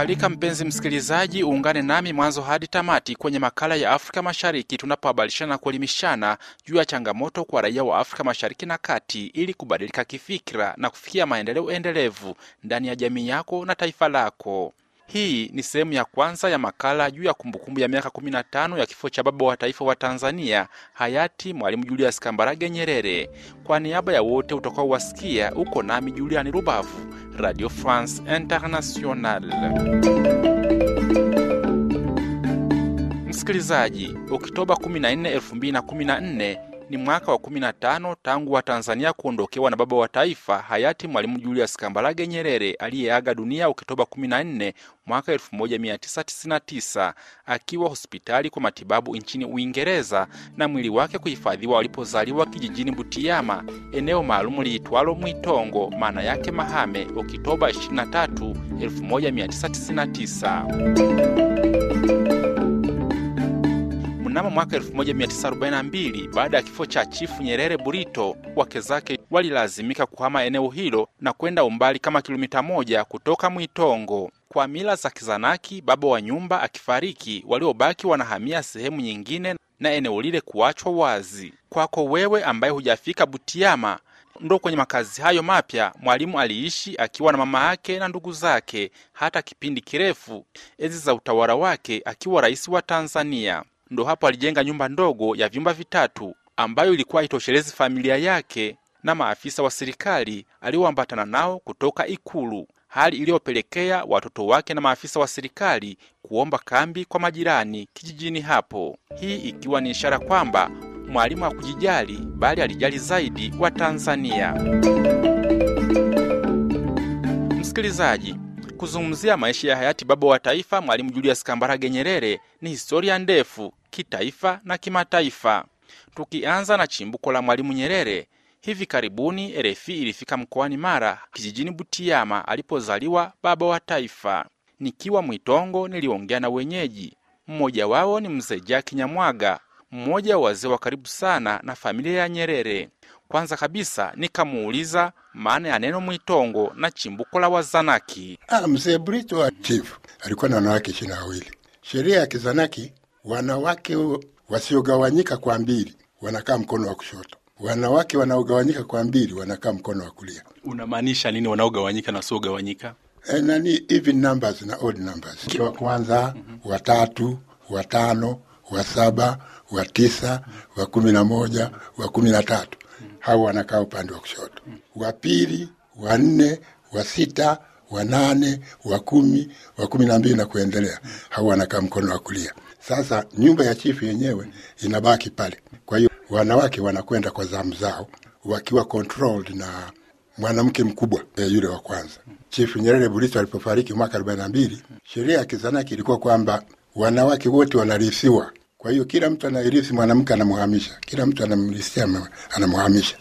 kualika mpenzi msikilizaji uungane nami mwanzo hadi tamati kwenye makala ya Afrika Mashariki tunapohabarishana na kuelimishana juu ya changamoto kwa raia wa Afrika Mashariki na Kati ili kubadilika kifikira na kufikia maendeleo endelevu ndani ya jamii yako na taifa lako. Hii ni sehemu ya kwanza ya makala juu ya kumbukumbu ya miaka 15 ya kifo cha baba wa taifa wa Tanzania hayati Mwalimu Julius Kambarage Nyerere. Kwa niaba ya wote utakao wasikia, uko nami Julian Rubavu, Radio France International. Msikilizaji, Oktoba 14, 2014 ni mwaka wa kumi na tano tangu Watanzania kuondokewa na baba wa taifa hayati Mwalimu Julius Kambarage Nyerere aliyeaga dunia Oktoba 14 mwaka 1999 akiwa hospitali kwa matibabu nchini Uingereza na mwili wake kuhifadhiwa walipozaliwa kijijini Butiama, eneo maalum liitwalo Mwitongo, maana yake mahame, Oktoba 23, 1999. Mnamo mwaka 1942 baada ya kifo cha Chifu Nyerere Burito, wake zake walilazimika kuhama eneo hilo na kwenda umbali kama kilomita moja kutoka Mwitongo. Kwa mila za Kizanaki, baba wa nyumba akifariki, waliobaki wanahamia sehemu nyingine na eneo lile kuachwa wazi. Kwako wewe ambaye hujafika Butiama, ndo kwenye makazi hayo mapya Mwalimu aliishi akiwa na mama yake na ndugu zake hata kipindi kirefu, enzi za utawala wake akiwa rais wa Tanzania ndo hapo alijenga nyumba ndogo ya vyumba vitatu ambayo ilikuwa itoshelezi familia yake na maafisa wa serikali aliyoambatana nao kutoka Ikulu, hali iliyopelekea watoto wake na maafisa wa serikali kuomba kambi kwa majirani kijijini hapo, hii ikiwa ni ishara kwamba Mwalimu hakujijali bali alijali zaidi wa Tanzania. Msikilizaji, kuzungumzia maisha ya hayati baba wa taifa Mwalimu Julius Kambarage Nyerere ni historia ndefu kitaifa na kimataifa. Tukianza na chimbuko la Mwalimu Nyerere, hivi karibuni RFI ilifika mkoani Mara, kijijini Butiama alipozaliwa baba wa taifa. Nikiwa Mwitongo niliongea na wenyeji, mmoja wao ni mzee Jaki Nyamwaga, mmoja wa wazee wa karibu sana na familia ya Nyerere. Kwanza kabisa nikamuuliza maana ya neno Mwitongo na chimbuko la Wazanaki. Ah, mzee Brito wa chifu alikuwa na wanawake ishirini na wawili. Sheria ya Kizanaki Wanawake wasiogawanyika kwa mbili wanakaa mkono wa kushoto, wanawake wanaogawanyika kwa mbili wanakaa mkono wa kulia. Unamaanisha nini wanaogawanyika na wasiogawanyika? E, nani even numbers na odd numbers, wa kwanza, watatu, watano, wa saba, wa tisa, wa kumi na moja, wa kumi na tatu, hao wanakaa upande wa kushoto. Wa pili, wa nne, wa sita wanane wa kumi wa kumi na mbili na kuendelea, hao wanakaa mkono wa kulia. Sasa nyumba ya chifu yenyewe inabaki pale, kwa hiyo wanawake wanakwenda kwa zamu zao wakiwa controlled na mwanamke mkubwa eh, yule wa kwanza. Chifu Nyerere Burito alipofariki mwaka arobaini na mbili, sheria ya Kizanaki ilikuwa kwamba wanawake wote wanarithiwa. Kwa hiyo kila mtu anairithi mwanamke anamhamisha, kila mtu anamrithia anamhamisha.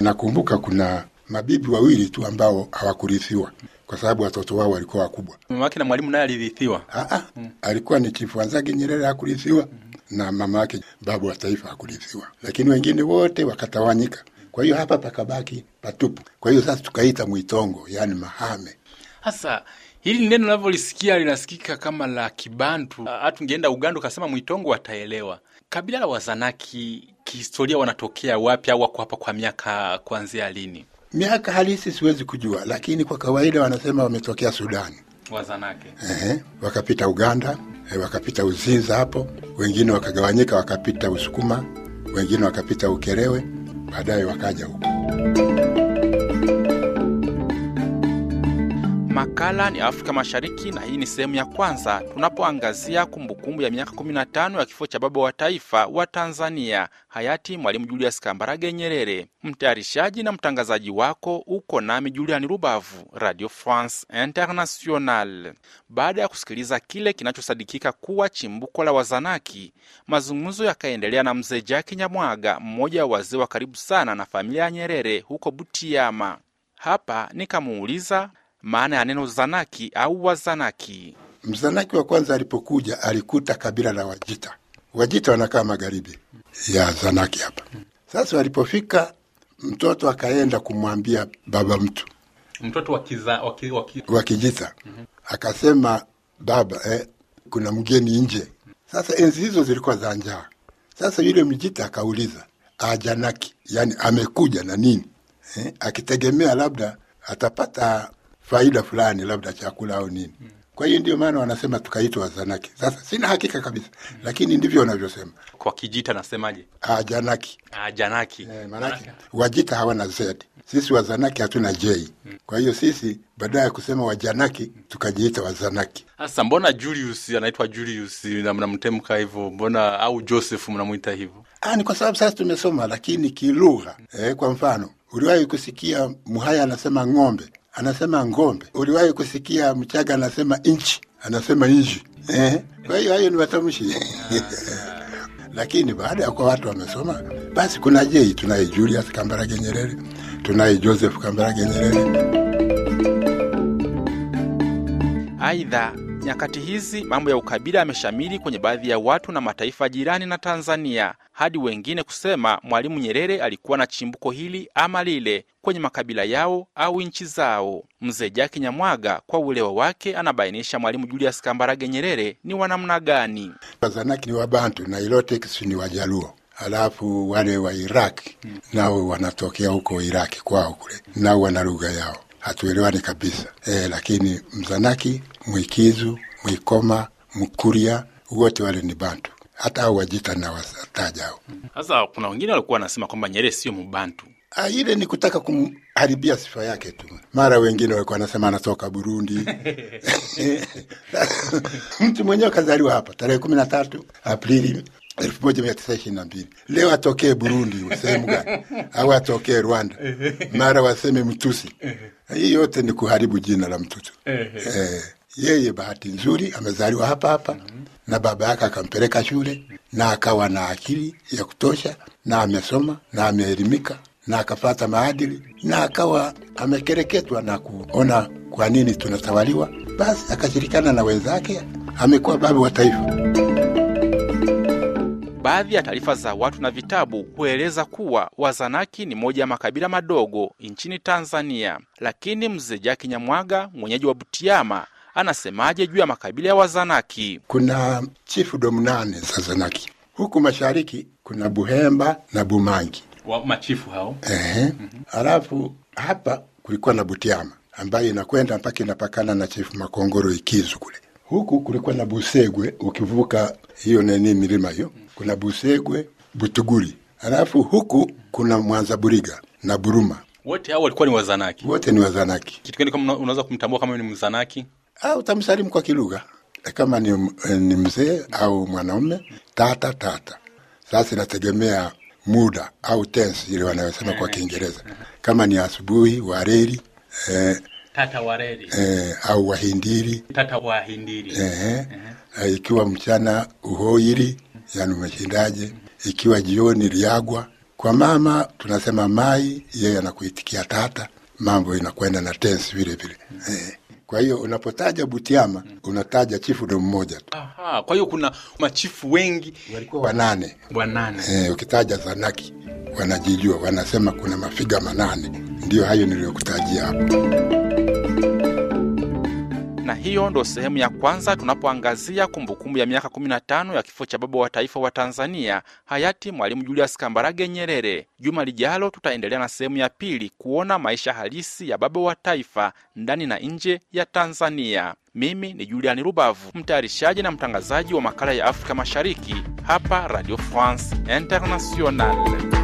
Nakumbuka kuna mabibi wawili tu ambao hawakurithiwa, kwa sababu watoto wao walikuwa wakubwa. Mama yake na mwalimu naye alirithiwa. Ah, ah, mm. alikuwa ni Chifu Nyerere hakurithiwa mm mm-hmm. na mama yake babu wa taifa hakurithiwa, lakini wengine wote wakatawanyika. Kwa hiyo hapa pakabaki patupu. Kwa hiyo sasa tukaita mwitongo, yani mahame. Hasa hili neno navyolisikia linasikika kama la Kibantu. Ah, Hatu ngeenda Uganda ukasema mwitongo wataelewa. Kabila la Wazanaki kihistoria wanatokea wapi, au wako hapa kwa miaka kuanzia lini? Miaka halisi siwezi kujua, lakini kwa kawaida wanasema wametokea Sudani Wazanake. Ehe, wakapita Uganda, eh, wakapita Uzinza hapo, wengine wakagawanyika wakapita Usukuma, wengine wakapita Ukerewe, baadaye wakaja huko. Makala ni Afrika Mashariki na hii ni sehemu ya kwanza tunapoangazia kumbukumbu ya miaka 15 ya kifo cha baba wa taifa wa Tanzania hayati Mwalimu Julius Kambarage Nyerere. Mtayarishaji na mtangazaji wako uko nami Juliani Rubavu, Radio France International. Baada ya kusikiliza kile kinachosadikika kuwa chimbuko la wazanaki, mazungumzo yakaendelea na mzee jake Nyamwaga, mmoja wa wazee wa karibu sana na familia ya Nyerere huko Butiama. Hapa nikamuuliza maana ya neno zanaki au wazanaki. Mzanaki wa kwanza alipokuja alikuta kabila la Wajita. Wajita wanakaa magharibi ya Zanaki hapa. Sasa walipofika, mtoto akaenda kumwambia baba mtu, mtoto wakiza, waki, waki... wakijita akasema baba, eh, kuna mgeni nje. Sasa enzi hizo zilikuwa za njaa. Sasa yule mjita akauliza ajanaki, yani amekuja na nini eh, akitegemea labda atapata faida fulani, labda chakula au nini. Kwa hiyo ndio maana wanasema tukaitwa zanaki. Sasa sina hakika kabisa mm, lakini ndivyo wanavyosema. Kwa Kijita nasemaje? Ajanaki, ah, ajanaki. Ah, e, eh, manake Wajita hawana z, sisi Wazanaki hatuna j. Mm. Kwa hiyo sisi baadaye ya kusema Wajanaki tukajiita Wazanaki. Sasa mbona Julius anaitwa Julius na mnamtemka hivyo, mbona au Joseph mnamwita hivyo? Ah, ni kwa sababu sasa tumesoma, lakini kilugha. E, kwa mfano uliwahi kusikia mhaya anasema ng'ombe anasema ngombe. Uliwahi kusikia Mchaga anasema nchi? Anasema nji eh? Kwa hiyo hayo ni matamshi ah. lakini baada ya kuwa watu wamesoma, basi kuna jei, tunaye Julius Kambarage Nyerere, tunaye Joseph Kambarage Nyerere. Aidha, Nyakati hizi mambo ya ukabila yameshamiri kwenye baadhi ya watu na mataifa jirani na Tanzania, hadi wengine kusema Mwalimu Nyerere alikuwa na chimbuko hili ama lile kwenye makabila yao au nchi zao. Mzee Jaki Nyamwaga kwa uelewa wake anabainisha Mwalimu Julius Kambarage Nyerere ni wanamna gani. Wazanaki ni Wabantu na Iloteks ni Wajaluo, alafu wale wa Iraki hmm. nao wanatokea huko Iraki kwao kule, nao wana lugha yao hatuelewani kabisa e, lakini Mzanaki, Mwikizu, Mwikoma, Mkuria wote wale ni Bantu hata au Wajita na wataja Sasa kuna wengine walikuwa wanasema kwamba Nyerere sio mubantu ah, ile ni kutaka kumharibia sifa yake tu. Mara wengine walikuwa wanasema anatoka Burundi mtu mwenyewe kazaliwa hapa tarehe kumi na tatu Aprili elfu moja mia tisa ishirini na mbili. Leo atokee Burundi sehemu gani au atokee Rwanda, mara waseme mtusi. Hii yote ni kuharibu jina la mtoto eh. Yeye bahati nzuri amezaliwa hapa hapa mhm. na baba yake akampeleka shule na akawa na akili ya kutosha na amesoma na ameelimika na akapata maadili na akawa amekereketwa na kuona kwa nini tunatawaliwa, basi akashirikana na wenzake, amekuwa baba wa taifa. Baadhi ya taarifa za watu na vitabu hueleza kuwa Wazanaki ni moja ya makabila madogo nchini Tanzania. Lakini mzee Jaki Nyamwaga, mwenyeji wa Butiama, anasemaje juu ya makabila ya Wazanaki? Kuna chifu nane za Zanaki. Huku mashariki kuna Buhemba na Bumangi, wa machifu hao. Ehe. Mm -hmm. Alafu hapa kulikuwa na Butiama ambayo inakwenda mpaka inapakana na chifu Makongoro Ikizu kule Huku kulikuwa na Busegwe, ukivuka hiyo nini milima hiyo, kuna Busegwe, Butuguri, halafu huku kuna mwanza buriga na Buruma. Wote hao walikuwa ni Wazanaki, wote ni Wazanaki. Kitu gani kama unaweza kumtambua kama ni Mzanaki? Ah, utamsalimu kwa kilugha kama ni, eh, ni mzee au mwanaume, tata tata. Sasa inategemea muda au tense ile wanayosema kwa eh. Kiingereza. Kama ni asubuhi wareri, eh, tata wareri eh, au wahindiri tata wahindiri eh, eh. Uh-huh. Eh, ikiwa mchana uhoiri yani umeshindaje, ikiwa jioni liagwa kwa mama tunasema mai, yeye anakuitikia tata, mambo inakwenda na tensi vile vile eh. Kwa hiyo unapotaja Butiama unataja chifu ndo mmoja tu. Aha, kwa hiyo kuna machifu wengi walikuwa wanane wanane. Eh, ukitaja Zanaki wanajijua, wanasema kuna mafiga manane. Ndiyo hayo niliyokutajia hapo na hiyo ndo sehemu ya kwanza tunapoangazia kumbukumbu ya miaka 15 ya kifo cha baba wa taifa wa Tanzania hayati Mwalimu Julius Kambarage Nyerere. Juma lijalo tutaendelea na sehemu ya pili kuona maisha halisi ya baba wa taifa ndani na nje ya Tanzania. Mimi ni Juliani Rubavu, mtayarishaji na mtangazaji wa makala ya Afrika Mashariki hapa Radio France international